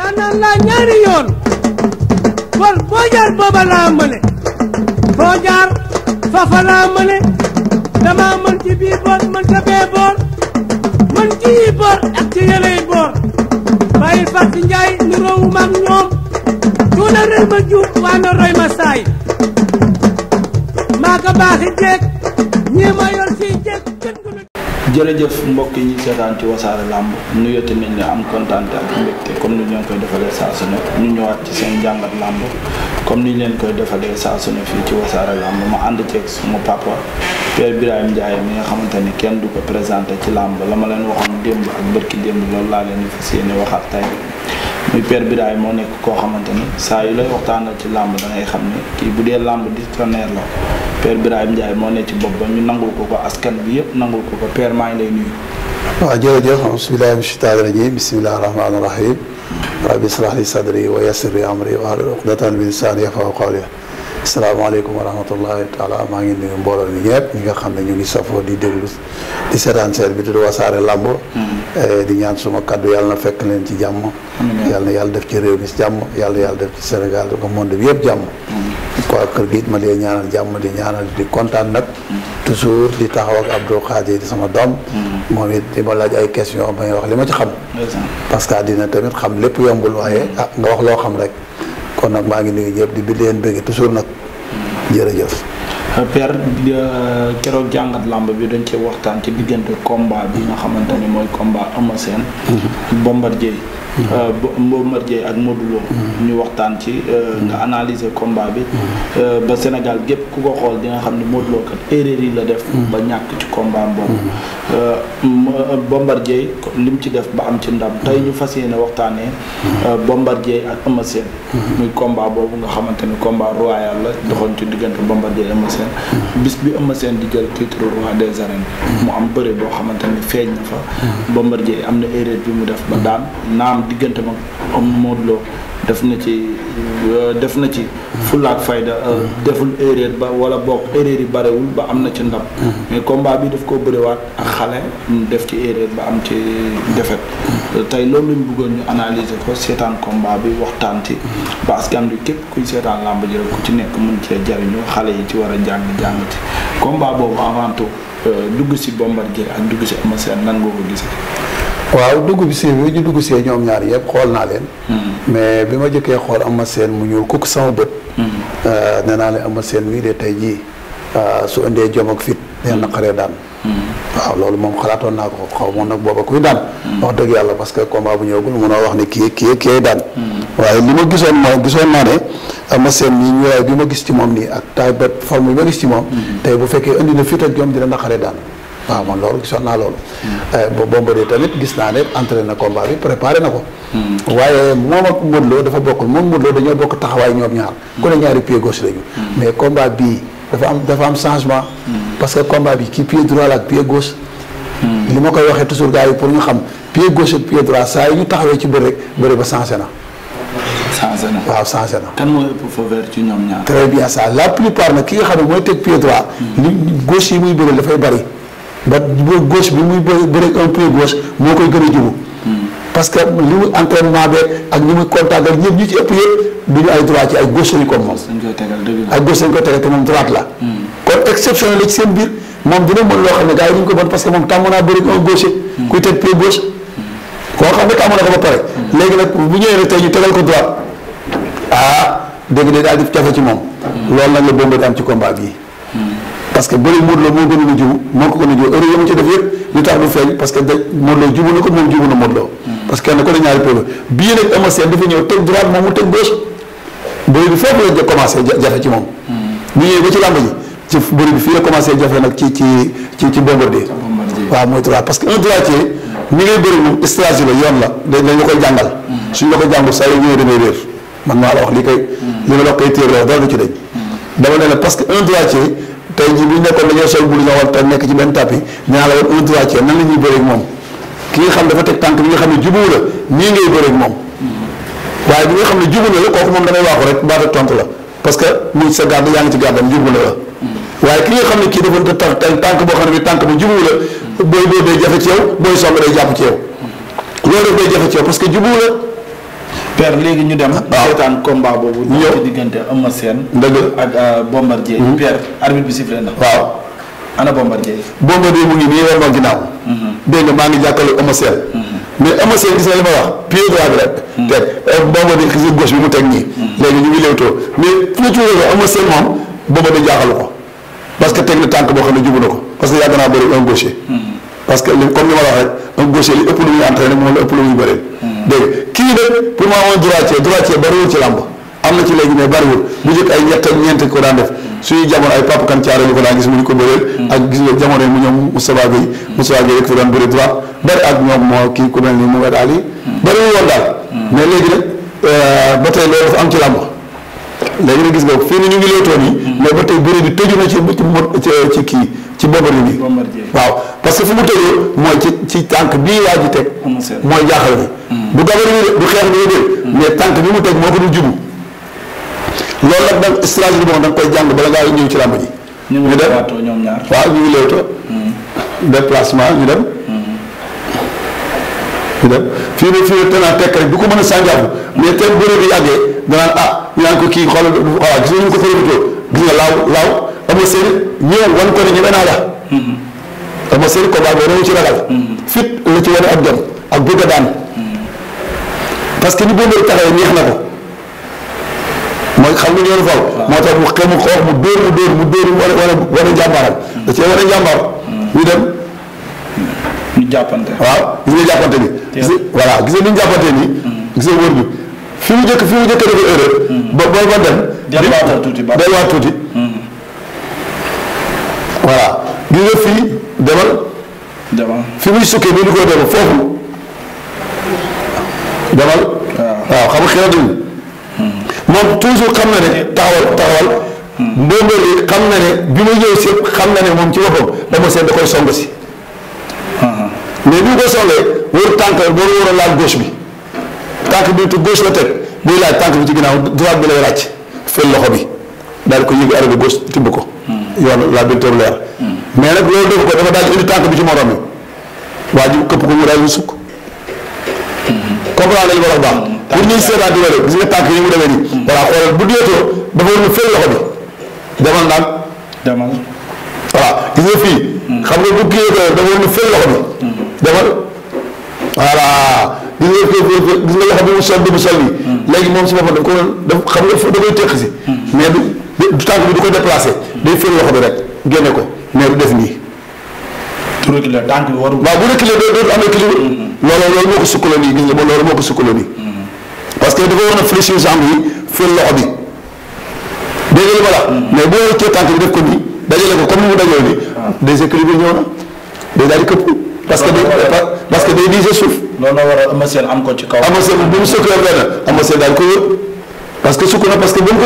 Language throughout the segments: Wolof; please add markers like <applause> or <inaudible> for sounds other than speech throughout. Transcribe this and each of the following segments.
daanaan laa ñaari yoon kon boo jaar booba laa mën ci mën ca mën ci yi boor ak ci yëley nu roowu maag ñoom tuuna réew ma waa na roy maa ko baaxi ñii ma jërëjëf mbokk yi ñuy seetaan ci wasaare làmb nuyooti nañ ne am kontaan ak mbégte comme ni ñoo koy defalee saa su ne ñu ñëwaat ci seen jàngat làmb comme ni ñu leen koy defalee saa su fii ci wasaare làmb ma ànd ceeg suma papa Père Birahim Ndiaye mi nga xamante ni kenn du ko présenté ci làmb la ma leen waxoon démb ak ki démb loolu laa leen di fi yéene waxaat tey muy Père Birahim moo nekk koo xamante ni saa yu lay waxtaanal ci làmb da ngay xam ne kii bu dee làmb dictionnaire la Père Birahim Ndiaye moo nekk ci bopp ba ñu nangul ko ko askan bi yëpp nangul ko ko Père maa ngi lay nuyu. waaw jërëjëf bismillahi mina shaytaani rajim bismillahi rahmaani rahim rabbi israh li sadri wa yassir li amri wahlul uqdatan min lisani yafqahu qawli salaamaaleykum wa rahmatullahi taala maa ngi nuyu mbooloo mi ñëpp ñi nga xam ne ñu ngi safoo di déglu di seetaan seen bi tudd wasaare làmb hmm. eh, di ñaan suma kàddu yàlla na fekk leen ci jàmm yàlla yàlla def ci réew mi si jàmm yàlla yàlla def ci Sénégal ko monde bi yëpp jàmm quoi hmm. kër gi ma leen ñaanal jàmm di ñaanal di kontaan nag hmm. toujours di taxaw ak Abdou Khadir sama doom moom it di ma laaj ay question may wax li ma ci xam parce que àddina tamit xam lépp yombul waaye ah nga wax loo xam rek kon nag maa ngi nuyu ñëpp di leen bëgg toujours nag jërëjëf. Père euh, keroog jàngat làmb bi dañ cee waxtaan ci diggante combat bi nga xamante ni mooy combat Eumeu Sène mhm. Bombardier Euh, mm-hmm. Bombardier ak Modou mm-hmm. ñu waxtaan ci euh, mm-hmm. nga analyser combat bi euh, ba Sénégal gépp ku ko xool di nga xam ne Modou Lo kat erreur yi la def ba ñàkk ci combat boobu Bombardier lim ci def ba am ci ndam tey ñu fas yéene waxtaanee Bombardier ak Eumeu Sène muy combat boobu nga xamante ni combat royal la doxoon ci diggante Bombardier Eumeu Sène bis bi Eumeu Sène di jël titre roi des arènes mu am bëre boo xamante ni feeñ na fa Bombardier am na erreur bi mu def ba daan naam diggante mag am Modou Lo def na ci euh, def na ci fulaak fayda euh, mm-hmm. deful erreur ba wala bokk erreur yi barewul ba am na ci ndam mm-hmm. mais combat bi daf koo bëriwaat ak xale def ci erreur ba am ci defet mm-hmm. tey loolu lañ bëggoon ñu analyser ko seetaan combat bi waxtaan ci ba bi képp kuy seetaan làmb ji rek ku ci nekk mën cee jariñu xale yi ci war a jàng jàng ci combat boobu avant tout euh, dugg si Bombardier ak dugg si Eumeu Sène nan nga ko gisee waaw dugg bi see bi ñu dugg see ñoom ñaar yëpp xool naa leen. Hmm. mais bi ma jëkkee xool Ama seen mu ñuul kukk sama bët. Hmm. Euh, nee naa leen Ama Sène mii de tey jii euh, su indee jom ak fit nee hmm. naqaree daan. waaw loolu moom xalaatoon ko xaw moom nag booba kuy daan. wax dëgg yàlla parce que combat bu ñëwagul mënoo wax ne kii kii kii daan. waaye li ma gisoon mooy gisoon naa ne Ama Sène nii ñëwaay bi ma gis ci moom nii ak taay ba forme bi ma gis ci moom. tey bu fekkee indi na fit ak jom dina naqaree daan. waaw man loolu gisoon naa loolu. Eh, ba Bombardier tamit gis naa ne entraîné na combat bi préparé na ko. Hmm. waaye moom ak Modou Lo dafa bokkul moom Modou Lo dañoo bokk taxawaay ñoom ñaar. ku ne ñaari pied gauche lañu. Hmm. mais combat bii dafa am dafa am changement. Hmm. parce que combat bi kii pied droit la ak pied gauche. li ma koy waxee toujours gars yi pour ñu xam pied gauche ak pied droit saa yi ñu taxawee ci bëri rek bëri ba changé na. changé na waaw changé na. kan moo ëpp faveur ci ñoom ñaar. très bien ça la plupart nag ki nga xam ne mooy teg pied droit. li gauche yi muy bëri dafay bari. ba gauche bi muy bëri un pied gauche moo koy gën a jubu parce que li mu entraînement beeg ak ñi muy contact ak ñëpp ñu ci ëpp yëpp du ñu ay droit ci ay gauche lañ ko ay gauche lañ ko tegal te moom droite la. Hmm. kon exceptionnel la ci seen biir moom dina mën loo xam ne gars yi duñ ko bon parce que moom tàmm naa bëri un gauche. Hmm. kuy teg pied gauche. koo xam ne tàmm na ko ba pare. Hmm. léegi nag bu ñëwee rek tey ñu tegal ko droite ah dégg nga daal di jafe ci moom. loolu nag la bombe am ci combat bi. parce que bëri Modou Lo moo gënoon a jubu moo ko gën a jubu heure yooyu ci def yëpp lu tax du feeñ parce que da Modou Lo jubu na ko moom jubu na Modou Lo parce que kenn ku ne ñaari polo bii nag Eumeu Sène dafa ñëw teg droite moom mu teg gauche bëri bi foofu la commencé jafe ci moom bu ñëwee ba ci làmb ji ci bëri bi fii la commencé jafe nag ci ci ci ci Bombardier waaw mooy droit parce que un droitier ni ngay bëri moom stratégie la yoon la dañ dañ la koy jàngal suñ la ko jàngul saa yoo ñëwee damay réer man maa la wax li koy mm. li ma la koy téye dara du ci dañ dama ne la parce que un droitier tey bu nekkoon dañoo sol bu ñu war te nekk ci benn tapis ñaa la woon un trois tiers nan la ñuy bëreeg moom ki nga xam dafa teg tànk bi nga xam ne jubu la nii ngay bëreeg nga xam ne jubu na la moom damay waaxu rek baata tontu la parce que mu sa garde yaa ngi ci gardam jubu la waaye ki nga xam ne kii dafa te tànk boo xam ne bi tànk bi jubu la booy boo day jafe ci yow booy song day jàpp ci yow loolu daf day jafe ci yow parce que jubu la père léegi ñu dem. waaw seetaan combat boobu. ñu ñëw diggante Eumeu Sène. dëgg ak euh, Bombardier. Hmm. père arbitre bi sifflé na. waaw ana Bombardier. Bombardier mu ngi nii war na ginnaaw. Hmm. dégg maa ngi jàkkaarloo Eumeu Sène. Hmm. mais Eumeu Sène ma wax pied droit bi rek. teg euh, Bombardier gis gauche bi mu teg nii. léegi ñu ngi léewtoo mais fu ñu tuuree ko Eumeu Sène moom Bombardier jaaxalu ko parce que teg na tànk boo xam ne jubu na ko parce que yàgg naa bëri un gaucher. parce que comme ni ma la wax rek un gaucher li ëpp lu muy entraîné moom la ëpp lu muy bëri. dégg kii de pour moi mooy droitier droitier bariwul ci làmb am na ci léegi mais bariwul bu njëkk ay ñett ñeent ko daan def suñu jamono ay Pape Kan Thiaré ñu ko daan gis mu ñu ko bëreel ak gis nga jamono yi mu ñoom Moustapha Gueye Moustapha Gueye rek fi daan bëri droit bari ak ñoom moo kii ku mais léegi nag euh, ba tey loolu dafa am ci gis nga fii ni ñu ngi léetoon yi mais ba tey bëri bi tëju na ci ci kii ci Bombardier bi waaw parce que fu mu tëjee mooy ci ci tànk bii waa ji teg mooy jaaxal bi hmm. bu Bombardier du xeex bi dégg hmm. mais tànk bi mu teg moo ko dul jubu loolu nag danga stratégie boo xam da nga koy jàng bala ngaa ñëw ci làmb ji ñu dem waaw ñu ngi léewtoo hmm. déplacement ñu dem dem fii ne fii ne tenaa tekk rek du ko mën a sànjaabu mais teen bëre bi yàggee danaan ah ñu ko kii xoolal waaw gis nga laaw laaw Amosir ñëwal wan ko ne ñeme naa la. Amosir mhm. combat boobu dañu ci ragal. Mhm. fit la ci wane ak jom ak bëgg a daan. Mhm. parce que ni a taxawee neex na ko. mooy xam nga ñoom faw moo tax mu xëy mu xoox mu dóor mu dóor mu dóor mu wane wane wane jàmbaaram. da cee wane jàmbaar. ñu dem. ñu jàppante. waaw gis nga jàppante bi. gis nga ni ñu jàppante nii. gis nga wër fi mu njëkk fi mu njëkk a defee erreur. ba ba ba dem. delluwaat tuuti ba tuuti. fi muy sukkee nii di ko def foofu demal waaw xam nga xelatuñ moom toujours xam na ne taxawal taxawal ndóobé li xam na ne bi ma ñëw si xam na ne moom ci boppam dama seen da koy song si uh-huh. mais bi ko songee wër tànk boobu war a laal gauche bi tànk bi tu gauche la teg buy laaj tànk bi ci ginnaaw droite bi lay ràcc fël loxo bi daal di ko yëngu arrêté gauche tibb ko hmm. yoon laa bi teew leer hmm. mais nag loolu def ko dafa daal di tànk bi ci morom bi waa ji këpp ko mu daal di sukk. comprendre nañu ko wax baax. pour ñuy seetaat hmm. bu déetoo dafa war a fël loxo bi demal naan. demal nga fii. Hmm. xam nga dafa war a fël loxo bi. Hmm. demal voilà gis nga loxo bi mu léegi moom si boppam daf ko daf xam nga da teq si. mais du du tànk bi du ko déplacé. day fël loxo bi rek génne ko mais du def nii. su reculer tànk bi warul. waaw bu reculer doo doo am équilibre. loolu loolu moo ko sukkandiku gis nga loolu moo mm-hmm. parce que dafa war a fléchir jambe yi fël loxo bi. dégg nga li ma la. Mm-hmm. mais boo wëccee tànk bi def ko nii dajale ko ah. na day daal a amaseel ko ci mu sëkkee benn amaseel mu ko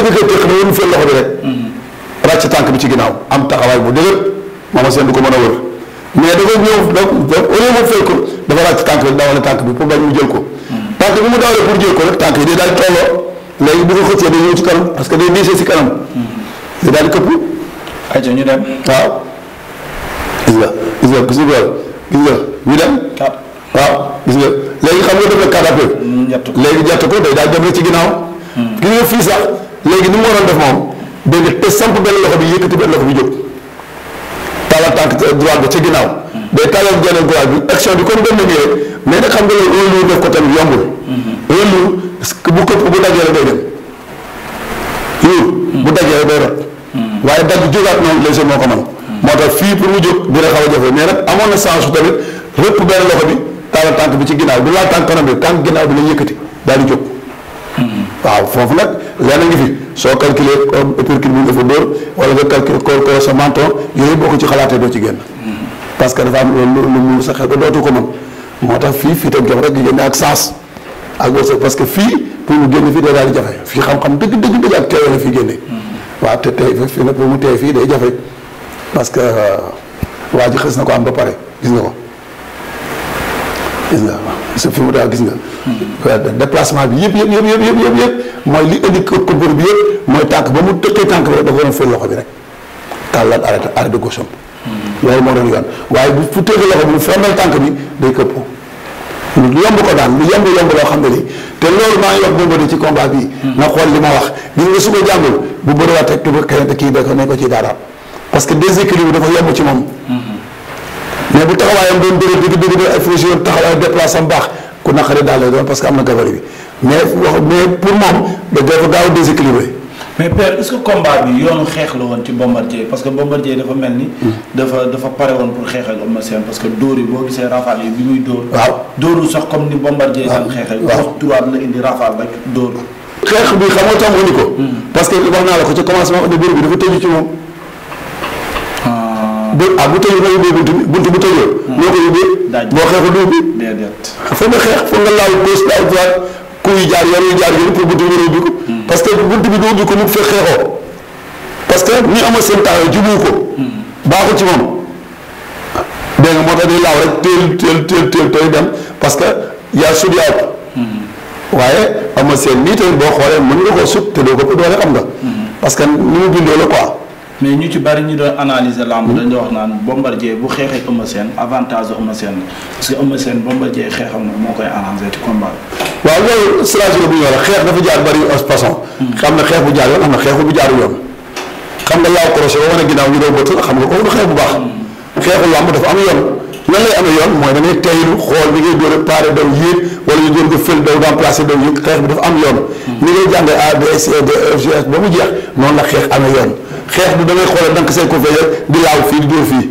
déggee teq mu fël loxo bi rek. Mm-hmm. ràcc tànk bi ci ginnaaw am taxawaay bu dëgër amaseel du ko mën a wër. mais dafa ñëw donc donc au lieu mu fay dafa laaj ci tànk bi dawale tànk bi pour bañ mu jël ko. tànk bi mu dawalee pour jël ko rek tànk yi day daal di tolloo léegi bu ko que day diisee ci kanam. day daal di këpp. ayca ñu dem. ñu dem. waaw gis nga léegi xam nga def na kàddaapé. jàpp ko day daal dem rek ci ginnaaw. Mm. gis nga fii sax léegi ni mu waroon def moom day def te samp benn loxo bi yëkkati benn loxo bi jóg. tawal tànk droit bi ci ginnaaw. day tawal geneen droit bi action bi comme dem na nii rek mais xam nga loolu un lieu def ko tamit yombul. un mhm. lieu bu këpp bu dajee rek day dem. loolu bu mhm. dajee rek day rot. Mhm. waaye daj jógaat ko mën. moo tax fii pour mu jóg dina xaw a jafe mais nag amoon na chance su tamit rëpp benn loxo bi tawal tànk bi ci ginnaaw du laal tànk kanam bi tànk ginnaaw bi la yëkkati daal di jóg. foofu nag lenn ngi fi soo calculer comme épercule bi nga fa dóor wala nga calculer koor koor sa menton yooyu boo ko ci xalaatee doo ci génn parce que dafa am lu mu sa xel ba dootu ko mën moo tax fii fii tam jox rek di génne ak sens ak parce que fii pour mu génn fii day daal jafe fii xam-xam dëgg dëgg dëgg ak teewee la fii génne waa te tey fii nag pour mu teey fii day jafe parce que euh, waa ji xës na ko am ba pare gis nga ko gis sa fi mu daaw gis nga. déplacement bi yëpp yëpp yëpp yëpp yëpp yëpp mooy li indi concours bi yëpp mooy tànk ba mu tëkkee tànk ba dafa doon fël loxo bi rek tànk bi day këppu. lu yomb ko daan lu yomb loo xam ne nii te loolu maa ngi wax Bombardier ci combat bii. Hmm. na xool li ma wax gis nga su ko jàngul bu bëriwaat rek keneen kii da ko nekk ci daaraam parce que déséquilibre dafa yomb ci moom. Hmm. mais bu taxawaayam doon bëri dëgg dëgg dëgg ay fausse yoon taxawaay déplacé am baax ku naqari daal lay doon parce que am na gabarit bi mais wax mais pour moom da dafa gaaw a déséquilibré. mais père est-ce que combat bi yoonu xeex la woon ci Bombardier parce que Bombardier dafa mel ni. dafa dafa pare woon pour xeex ak Eumeu Sène parce que dóor yi boo gisee rafale yi bi muy dóor. waaw dóorul sax comme ni Bombardier. waaw waaw daan xeexee wax droit la indi rafale rek dóor. xeex bi xam nga tam indi ko. Mm. parce que wax naa la ko ci commencement bi bëri bi dafa tëju ci moom. bu ah bu tëjee foofu buntu bi buntu bu tëjee. moo hmm. ko yóbbee. boo xeexul du ubbi. déedéet ah, foog nga xeex foog nga laal gauche laal droite kuy jaar bi mën ko. Hmm. bi ko mu fekk que ni amal seen taxaw jubuu ko. Hmm. baaxul ci moom. dégg nga moo tax day laaw rek teel teel teel teel dem parce que yaa sut yaa ko. waaye amal seen nii tamit boo xoolee mën nga koo sut te doo ko doole xam nga. parce que ni mu bindoo la quoi. mais ñu ci bari ñu doon analyser lamb dañu wax naan Bombardier bu xeexee Eumeu Sène avantage Eumeu Sène parce que Eumeu Sène Bombardier xeexam na moo koy arrangé ci ñu war a xeex dafa jaar bari hmm. na xeex bu jaar yoon am jaar yoon. xam nga yaa croisé ba wane ginnaaw ñu doon bëtt xam nga kooku du xeex bu baax. Hmm. xeexu lamb dafa am yoon. mooy da ngay teylu ngay dóore paare daw yéeg wala ñu dóor ko fël daw remplacé daw yéeg xeex bi dafa am yoon. Hmm. ni ngay jàngee A e ba mu jeex noonu la xeex amee yoon. xeex du da ngay xool dank see ko fee di laaw fii di dóor fii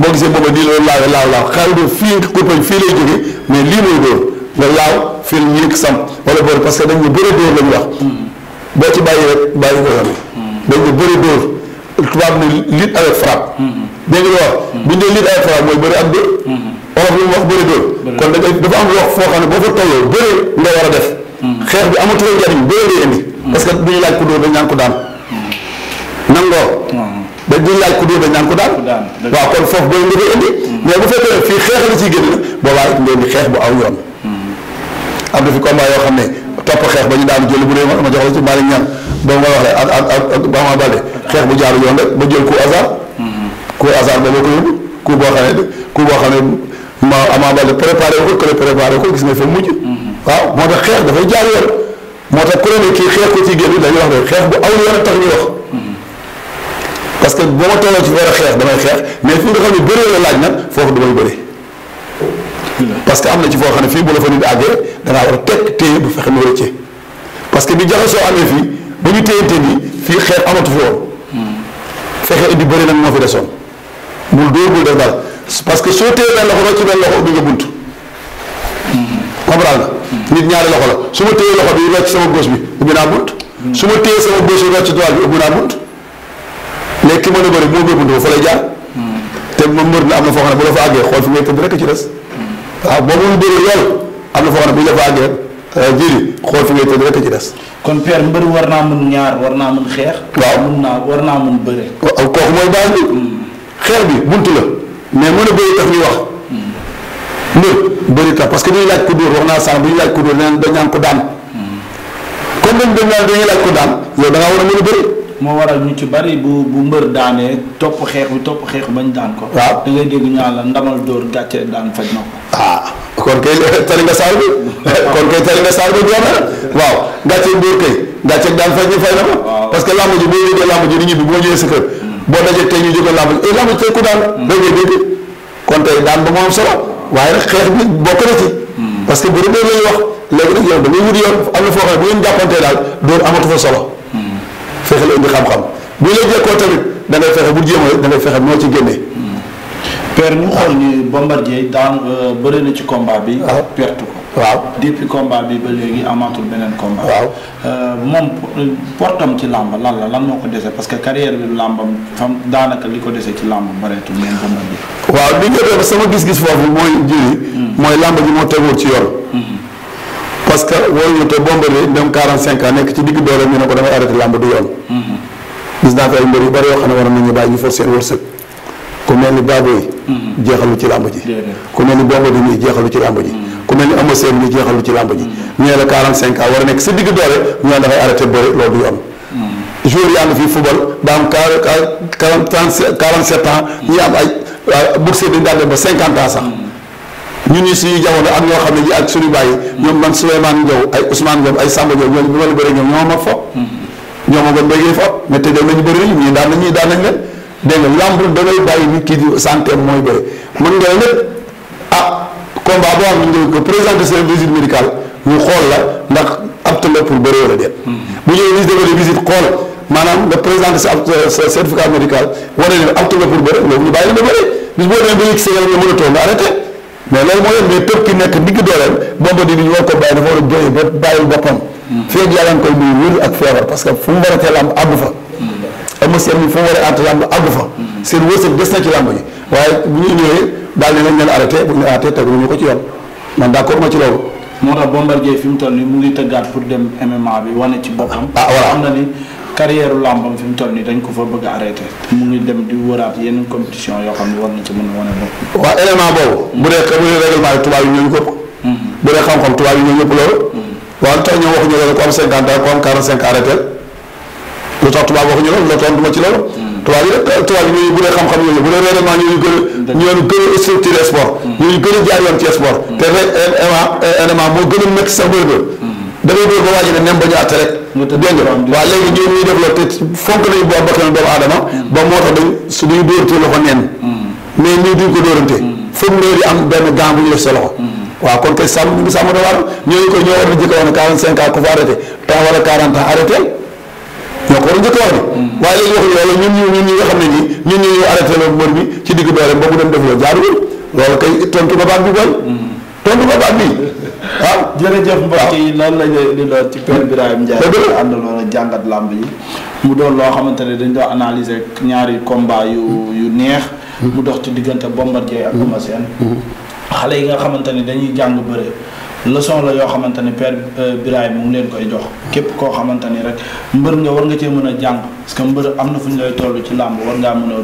boo gisee booba di loolu laaw laaw laaw xaaral dóor fii lii mooy dóor nga laaw fii ñu yëg parce que dañ ñu bëri dóor la ñu wax boo ci bàyyi rek ko xam dañ ñu bëri dóor tubaab ne lutte avec frappe dégg nga mm-hmm. bu dee lutte avec frappe mooy bëri mm-hmm. wax bëri dóor da ngay dafa am wax ne boo fa tolloo bëri mm-hmm. xeex bi amatul njariñ bëri ngay indi parce que duñu laaj dañ naan ko daan nangoo. ba di laaj ku dóor dañ naan ko daan. waaw kon foofu boobu nga koy indi. Mm. mais bu fekkee fii xeex la ciy génn boobaa it ngeen xeex bu aw yoon. Mm. am na fi combat yoo xam ne topp xeex ba ñu daan jël bu dee ma jox la ci Malick Niang ba nga waxee ak ak ak ba ma bale xeex jaaru yoon rek ba jël coup hasard. Mm. coup hasard boobu ko yóbbu coup boo xam ne coup boo xam ne ma Ama Baldé préparé ko que préparé ko gis nga fa mujj. waaw moo tax xeex dafay jaar yoon moo tax ku ne kii xeex ko ci génn dañuy wax ne xeex bu aw yoon tax ñu wax. parce que boo ma tolloo ci war a xeex damay xeex mais fi nga xam ne bëree la laaj nag foofu damay bëri. parce que am na ci foo xam ne fii bu la fa nit àggee dangaa war a teg téye bu fexe lu rëcce parce que bi jaxasoo amee fii ba ñu téyante nii fii xeex amatu fi fexe indi bëri nag moo fi desoon. bul dóor bul def dara parce que soo téye benn loxo rek ci benn loxo ubbi nga bunt. comprendre nga. nit ñaari loxo la su ma téye loxo bi rocc sama gauche bi ubbi naa bunt. su ma téye sama gauche bi rocc léegi ki mën a bëri moo bëri buntu ba fa lay jaar. Hmm. te moom mbër na am na foo xam bu la fa àggee xool fi ngay tëdd rek ci des. Hmm. waaw boo mënul bëri lool am na foo xam bu la fa àggee euh, jëli xool fi ngay tëdd rek ci kon père mbër war naa mun ñaar war naa mun xeex. waaw mun naa war naa mun hmm. xeex bi buntu la a bëri tax ñuy wax. mbër bëri parce que dañuy laaj ko dóor wax naa sànq dañuy laaj ko dóor nee nañ dañ naan ko daan. comme dañ dañ naan dañuy laaj ko daan yow da war a mën a bëri. moo waral ñu ci bari bu mbër daanee topp xeex bi topp xeex bañ daan ko. waaw da ngay dégg ñu naan la ndamal dóor gàcce daan faj na ko. Ah, kon kay <laughs> tali nga saal bi <laughs> kon kay waaw gàcce dóor kay gàcce daan faj ñu fay na ji boo yëgee làmb ji nit ñi bi boo ñëwee sa kër. Hmm. boo dajee tey ñu jógee làmb ji eh ji tey ku daan. Hmm. da ngay kon tey daan ba mu am solo waaye xeex bi bokk na ci. Hmm. parce que bu rëbbee la ñuy wax léegi nag yow da ngay wut yoon am na foo xam ne bu ngeen jàppantee daal dóor amatu fa solo fexe la indi xam-xam bu la jekkoo tamit da fexe bu jéem da ngay fexe moo ci génnee. père ñu xool ni Bombardier daan euh, bëri na ci combat bi. waaw perte ko. waaw depuis combat bi ba léegi amaatul beneen combat. waaw euh, moom euh, portam ci làmb lan la lan moo ko dese parce que carrière bi làmbam fam daanaka li ko dese ci làmb bareetul leen Bombardier. waaw li nga def sama gis-gis foofu mooy jëli. Hmm. mooy làmb ji moo teguwul ci yoon. Hmm. parce que wóoruñu te Bombardier dem 45 ans nekk ci digg doole ñu ne ko damay arrêté làmb du yoon. gis naa fi ay mbir yu bari xam ne ci làmb ji. ku mel ni Bombardier mi jeexalu ci làmb ji. la mm-hmm. 45 ans war a nekk sa digg doole ñu ne dafay arrêté bëri loolu yoon. Mm-hmm. joueurs yi fii football ba am 40 40 47 ans. ñu am ay boursiers dañu daan dem ba 50 sax. ñu ni suñu jamono ak ñoo xam ne ji ak suñu bàyyi ñoom man Souleymane Diaw ay Ousmane Diaw ay Samba Diaw ñooñu bu ma la bëree ñoom ñoo ma fo ñoo ma gën bëggee fo mais te dem nañu bëri nañu ñii daan nañ ñii daan nañ leen dégg nga lamb dangay bàyyi nit kii di santé mooy bëri mën nga nag ah combat boo xam ne nga présenté seen visite médicale ñu xool la ndax apte la pour bëri wala déet bu ñëwee visite defee visite xool maanaam nga présenté sa sa certificat médical wane ne apte la pour bëri loolu ñu bàyyi la nga bëri bis boo demee ba yëg ségal nga mën a toog nga arrêté mais loolu moo yor mais pëp ki nekk digg dooleel bomba di ñu war ko bàyyi dafa war a jooy ba bàyyil boppam. Hmm. feeg yàlla koy nuyu wér ak feebar parce que fu mu war a teel am àgg fa. am na seen fu mu fa. Hmm. seen wërsëg des na ci làmb ji waaye bu ñu ñëwee daal di leen leen arrêté bu ñu arrêté tegu ñu ko ci yoon man d'accord ma ci loolu. moo tax Bombardier fi mu toll nii mu ngi tëggaat pour dem MMA bi wane ci boppam. ah voilà xam na ni. carrière làmbam fi mu toll nii dañ ko fa bëgg a arrêté mu ngi dem di wëraat yenn compétition yoo xam ne war na ci mën a wane bopp. waaw élément boobu. bu dee hmm. xam-xam tubaab yi ñoo ñu ko loolu. Hmm. waaw lu tax tubaab waxuñu loolu loolu. Hmm. tubaab yi rek tubaab yi ñooñu bu dee xam-xam yooyu bu dee règlement a a structuré sport. ñooñu gën a jaar yoon ci sport. te rek élément moo gën a sax bëri ba. dafay bëri ba waa ne nem ba ñu rek dégg nga waaw léegi ñoom ñuy def la te fonk nañu boo bakkan mm. ba moo tax dañ suñuy dóorante loxo neen mm. mais ñii duñ ko dóorante mm. foog ñoo am benn gant bu sa loxo waaw kon kay sàmm ñu ngi sàmm koy ñoo a wax ne quarante cinq ans ku fa a a wax ne waaye loolu ñun ñu ñun ñi nga xam ne nii ñun ñu arrêté la mbër bi ci digg doole boobu dem def la jaaduwul loolu kay tontu ba baat bi tontu ko baat bii ah. jërëjëf mbokk ah. yi noonu la ñuy li doon ci Père Birahim Ndiaye. dëgg la àndaloon jàngat làmb yi. mu doon loo xamante ne dañ doon analyser ñaari combat yu yu neex. Hmm. mu dox ci diggante Bombardier ak Eumeu Sène. Hmm. xale yi nga xamante ne dañuy jàng bëre. leçon la yoo xamante ni père euh, Birahim mu leen koy jox képp koo xamante ni rek mbër nga war nga cee mën a jàng parce que mbër am na fu ñu lay tollu ci làmb war ngaa mën a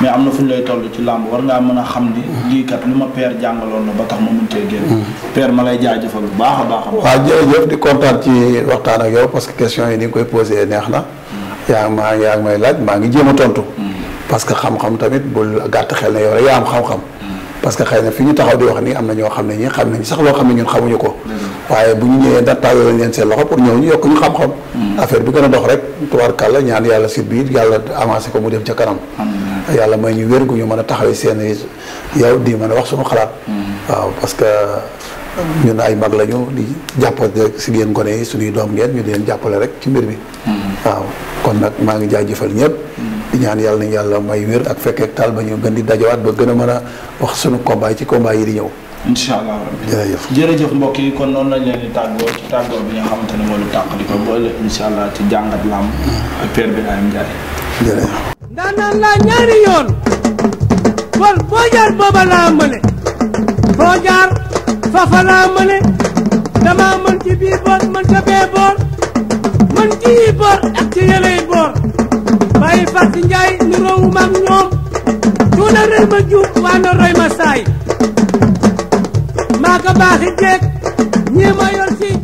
mais am na fu lay toll ci làmb war ngaa mën a xam ni lii kat li ma père jàngaloon na ba tax ma mun cee génn. Mm-hmm. père ma lay jaajëfal bu baax a baax a baax. waaw jërëjëf di kontaan ci waxtaan ak yow parce que question yi ni koy posé neex na. Mm-hmm. yaa ngi maa yaa ngi may laaj maa ngi jéem a tontu. Mm-hmm. parce que xam-xam tamit bul gàtt xel ne yow rek yaa am xam-xam. parce que xëy na fi ñu taxaw di wax nii am na ñoo xam ne ñi xam nañ sax loo xam ne ñun xamuñu ko waaye bu ñu ñëwee ndax tàllal lañ leen seen loxo pour ñëw ñu yokk ñu xam-xam affaire bi gën a dox rek tubaarkàlla ñaan yàlla site bi yàlla avancé ko mu dem ca kanam yàlla may ñu wér gu ñu mën a taxawee seen yow di mën a wax suñu xalaat mm-hmm. waaw parce que ñun ay mag lañu di jàppale si ngeen gone yi suñuy doom ngeen ñu di jàppale rek ci mbir bi mm-hmm. waaw kon nag maa ngi jaajëfal ñëpp mm-hmm. ñaan yàlla nañu yàlla may wér ak fekkee ak taal ba ñu gën di dajawaat ba gën a mën a wax sunu combat yi ci combat yi di ñëw. incha allah jërëjëf jërëjëf mbokk yi kon noonu lañ leen di tàggoo ci tàggoo bi nga xamante moo lu tàq di ko boole incha allah ci jàngat lamb ak père bi Birahim Ndiaye. jërëjëf. ndaanaan laa ñaari yoon kon boo jaar booba laa mëne boo jaar fafa laa mëne dama mën ci bii boor mën ca bee boor mën ci boor ak ci yëley boor ay Fatou Ndiaye nu roowu ma ak ñoom tuuna rëy ma juub waa na roy ma saay maa ko baaxi jeeg ñii ma yor